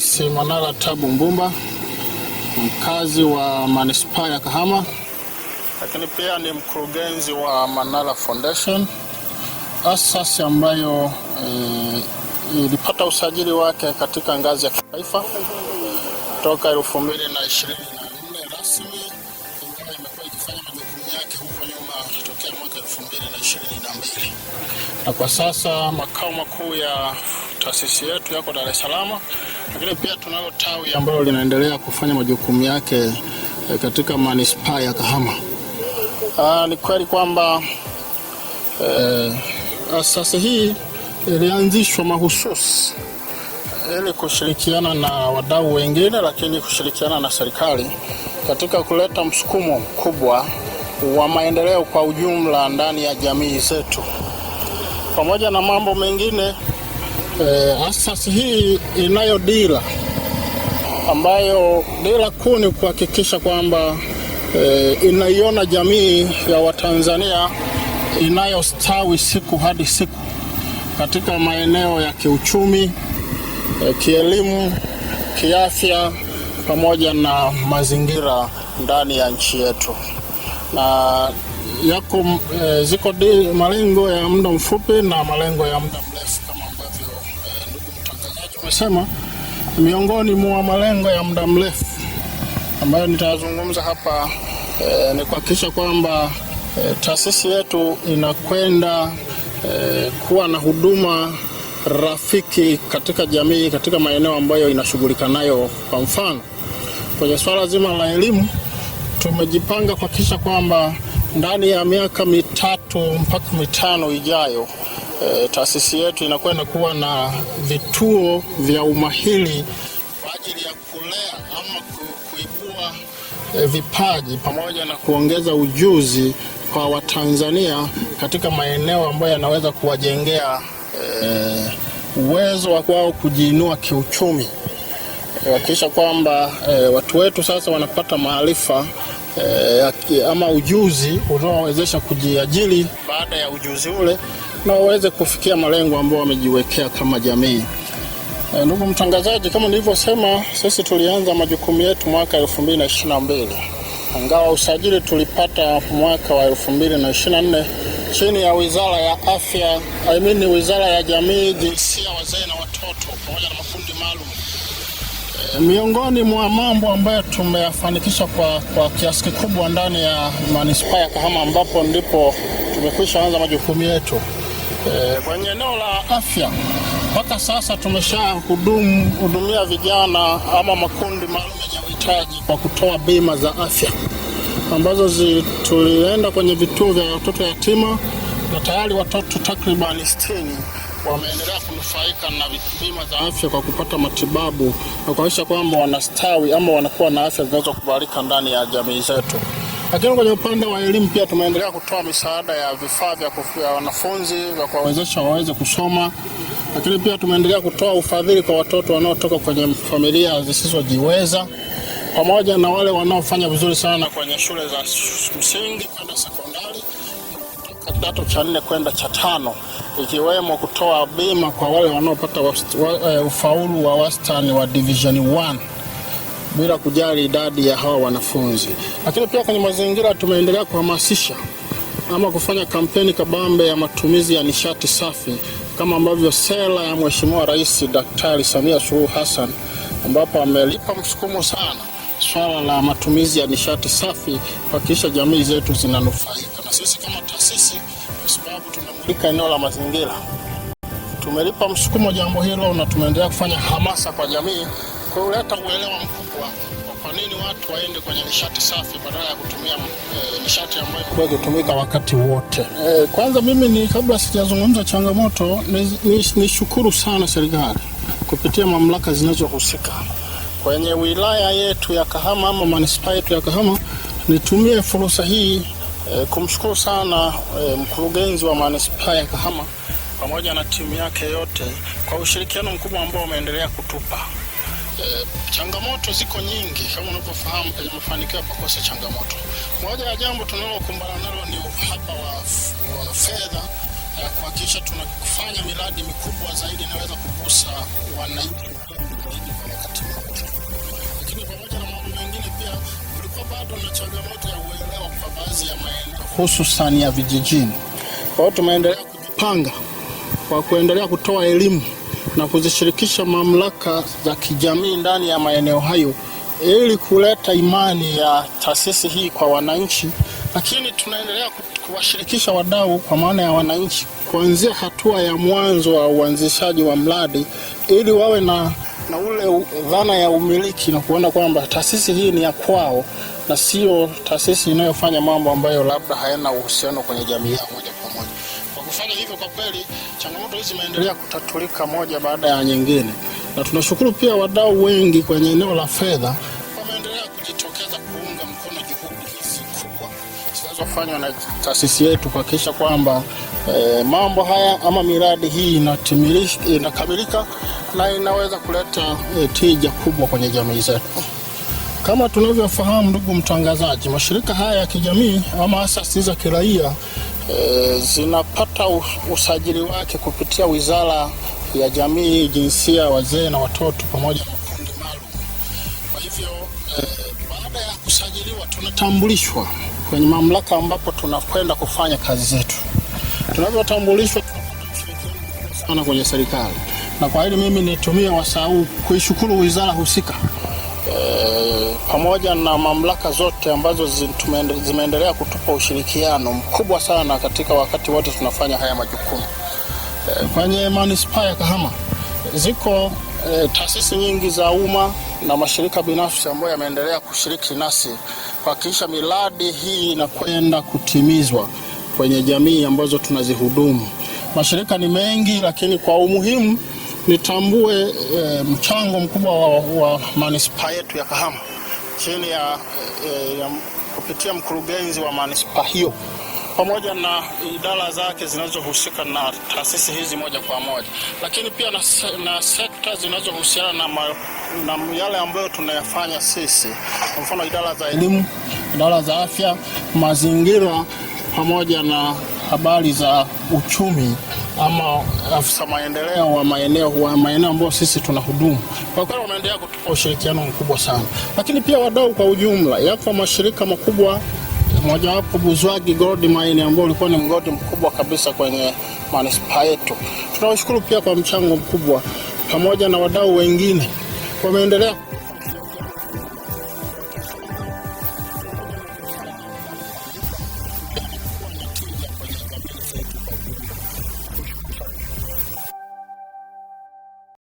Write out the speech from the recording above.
Simanara Tabu Mbumba, mkazi wa manispaa ya Kahama, lakini pia ni mkurugenzi wa Manara Foundation, asasi ambayo e, ilipata usajili wake katika ngazi ya kitaifa toka elfu mbili na ishirini na nne rasmi, ingawa imekuwa ikifanya majukumu yake huko nyuma tokea mwaka elfu mbili na ishirini na mbili na kwa sasa makao makuu ya taasisi yetu yako Dar es Salaam, lakini pia tunalo tawi ambalo linaendelea kufanya majukumu yake eh, katika manispaa ya Kahama. Aa, ah, ni kweli kwamba eh, asasi hii ilianzishwa mahususi ili kushirikiana na wadau wengine, lakini kushirikiana na serikali katika kuleta msukumo mkubwa wa maendeleo kwa ujumla ndani ya jamii zetu pamoja na mambo mengine eh, asasi hii inayo dira ambayo dira kuu ni kuhakikisha kwamba eh, inaiona jamii ya Watanzania inayostawi siku hadi siku katika maeneo ya kiuchumi, eh, kielimu, kiafya pamoja na mazingira ndani ya nchi yetu na yako eh, ziko malengo ya muda mfupi na malengo ya muda Amesema miongoni mwa malengo ya muda mrefu ambayo nitayazungumza hapa e, ni kuhakikisha kwamba e, taasisi yetu inakwenda e, kuwa na huduma rafiki katika jamii katika maeneo ambayo inashughulika nayo. Kwa mfano, kwenye swala zima la elimu tumejipanga kuhakikisha kwamba ndani ya miaka mitatu mpaka mitano ijayo Eh, taasisi yetu inakwenda kuwa na vituo vya umahili kwa ajili ya kulea ama kuibua e, vipaji pamoja na kuongeza ujuzi kwa Watanzania katika maeneo ambayo yanaweza kuwajengea e, uwezo wa kwao kujiinua kiuchumi kuhakikisha kwamba e, watu wetu sasa wanapata maarifa e, ama ujuzi unaowezesha kujiajiri baada ya ujuzi ule na waweze kufikia malengo ambayo wamejiwekea kama jamii. E, ndugu mtangazaji, kama nilivyosema, sisi tulianza majukumu yetu mwaka 2022 ingawa usajili tulipata mwaka wa 2024 chini ya Wizara ya Afya, I mean Wizara ya Jamii, Jinsia, Wazee na Watoto pamoja na makundi maalum. E, miongoni mwa mambo ambayo tumeyafanikisha kwa, kwa kiasi kikubwa ndani ya manispaa ya Kahama ambapo ndipo tumekwisha anza majukumu yetu Eh, kwenye eneo la afya mpaka sasa hudumu hudumia vijana ama makundi maalum yenye uhitaji kwa kutoa bima za afya ambazo zi, tulienda kwenye vituo vya watoto yatima na tayari watoto takriban 60 wameendelea kunufaika na bima za afya kwa kupata matibabu na kuakisha kwamba wanastawi ama wanakuwa na afya zinazokubalika ndani ya jamii zetu. Lakini kwenye upande wa elimu pia tumeendelea kutoa misaada ya vifaa vya wanafunzi vya kuwawezesha waweze kusoma, lakini pia tumeendelea kutoa ufadhili kwa watoto wanaotoka kwenye familia zisizojiweza pamoja na wale wanaofanya vizuri sana kwenye shule za msingi kwenda sekondari kutoka kidato cha nne kwenda cha tano, ikiwemo kutoa bima kwa wale wanaopata eh, ufaulu wa wastani wa division 1 bila kujali idadi ya hawa wanafunzi. Lakini pia kwenye mazingira, tumeendelea kuhamasisha ama kufanya kampeni kabambe ya matumizi ya nishati safi kama ambavyo sera ya Mheshimiwa Rais Daktari Samia Suluhu Hassan ambapo amelipa msukumo sana swala la matumizi ya nishati safi kuhakikisha jamii zetu zinanufaika. Na sisi kama taasisi, kwa sababu tunamulika eneo la mazingira, tumelipa msukumo jambo hilo na tumeendelea kufanya hamasa kwa jamii kuleta uelewa mkubwa kwa nini watu waende kwenye nishati safi badala ya kutumia e, nishati ambayo kwa kutumika wakati wote. E, kwanza mimi ni kabla sijazungumza changamoto nishukuru ni, ni sana serikali kupitia mamlaka zinazohusika kwenye wilaya yetu ya Kahama ama manispaa yetu ya Kahama. Nitumie fursa hii e, kumshukuru sana e, mkurugenzi wa manispaa ya Kahama pamoja na timu yake yote kwa ushirikiano mkubwa ambao umeendelea kutupa. E, changamoto ziko nyingi kama unavyofahamu, kwenye mafanikio ya yapakosa changamoto. Moja ya jambo tunalokumbana nalo ni uhaba wa, wa fedha ya kuhakikisha tunafanya miradi mikubwa zaidi inaweza kugusa wananchi zaidi kwa wakati mmoja. Lakini pamoja na mambo mengine, pia kulikuwa bado na changamoto ya uelewa kwa baadhi ya maeneo hususani ya vijijini. Kwa hiyo tumeendelea kujipanga kwa kuendelea kutoa elimu na kuzishirikisha mamlaka za kijamii ndani ya maeneo hayo ili kuleta imani ya taasisi hii kwa wananchi, lakini tunaendelea kuwashirikisha wadau kwa maana ya wananchi kuanzia hatua ya mwanzo wa uanzishaji wa mradi ili wawe na, na ule dhana ya umiliki na kuona kwamba taasisi hii ni ya kwao na sio taasisi inayofanya mambo ambayo labda hayana uhusiano kwenye jamii yao moja kwa moja kufanya hivyo, kwa kweli changamoto hizi zimeendelea kutatulika moja baada ya nyingine, na tunashukuru pia wadau wengi kwenye eneo la fedha wameendelea kujitokeza kuunga mkono juhudi hizi kubwa zinazofanywa na taasisi yetu kuhakikisha kwamba e, mambo haya ama miradi hii inakamilika na inaweza kuleta e, tija kubwa kwenye jamii zetu. Kama tunavyofahamu, ndugu mtangazaji, mashirika haya ya kijamii ama asasi za kiraia e, zinapata usajili wake kupitia Wizara ya Jamii, Jinsia, Wazee na Watoto pamoja na makundi maalum. Kwa hivyo e, baada ya kusajiliwa tunatambulishwa kwenye mamlaka ambapo tunakwenda kufanya kazi zetu. Tunavyotambulishwa sana kwenye serikali, na kwa hili mimi nitumie wasaa huu kuishukuru wizara husika e, pamoja na mamlaka zote ambazo zimeendelea kutupa ushirikiano mkubwa sana katika wakati wote tunafanya haya majukumu. E, kwenye manispaa ya Kahama ziko e, taasisi nyingi za umma na mashirika binafsi ambayo yameendelea kushiriki nasi kuhakikisha miradi hii inakwenda kutimizwa kwenye jamii ambazo tunazihudumu. Mashirika ni mengi, lakini kwa umuhimu nitambue e, mchango mkubwa wa, wa manispaa yetu ya Kahama chini ya, e, ya kupitia mkurugenzi wa manispaa hiyo pamoja na idara zake zinazohusika na taasisi hizi moja kwa moja, lakini pia na, na sekta zinazohusiana na, na yale ambayo tunayafanya sisi, kwa mfano idara za elimu, idara za afya, mazingira pamoja na habari za uchumi ama afisa maendeleo wa maeneo wa maeneo ambayo sisi tuna hudumu, kwa kweli wanaendelea kutupa ushirikiano mkubwa sana, lakini pia wadau kwa ujumla, yako mashirika makubwa mojawapo Buzwagi Gold Mine ambao ulikuwa ni mgodi mkubwa kabisa kwenye manispaa yetu. Tunawashukuru pia kwa mchango mkubwa, pamoja na wadau wengine wameendelea